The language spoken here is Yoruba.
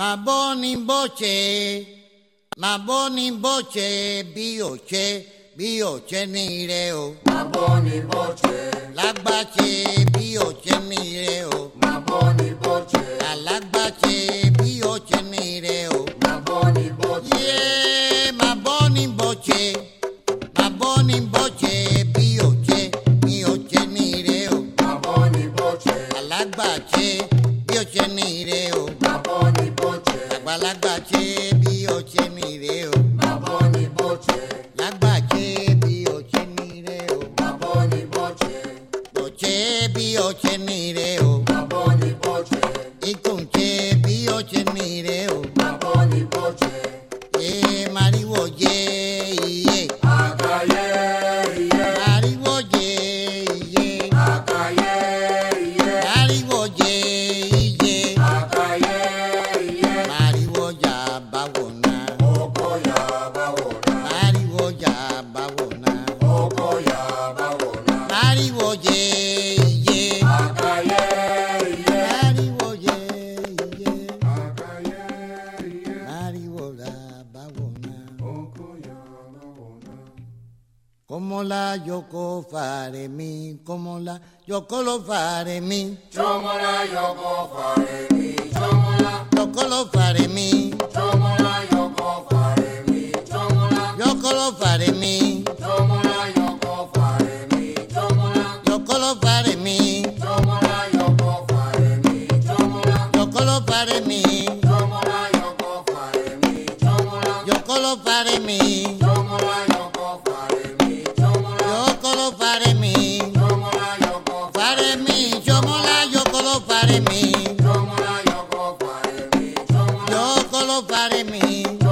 Ma boni boche, ma boni boche, bioche, bioche nire o. Ma boni boche, lagbache, bioche nire o. Ma boni boche, alagbache, bioche nire o. Ma boni boche, yeah, ma boni boche, ma boni boche, bioche, bioche nire o. Ma boni boche, alagbache, bioche nire nireo. Ma boni lágbàjé bí ọ̀chẹ́ mi rè o. bàbá ni bọ́jẹ́. lágbàjé bí ọ̀chẹ́ mi rè o. bàbá ni bọ́jẹ́. bọ̀jẹ́ bí ọ̀chẹ́ mi. Como la yoko fare mi, como la yo lo fare mi. Como la yoko fare mi, como la yoko fare mi. Como la yoko fare mi, como la fare mi. Como la yoko fare mi, como la yo lo fare mi. Como la yoko fare mi, como la yoko lo fare mi. Como la yoko fare mi, mi. fare mi. yo, yọkọ mi. Yo, fare mi.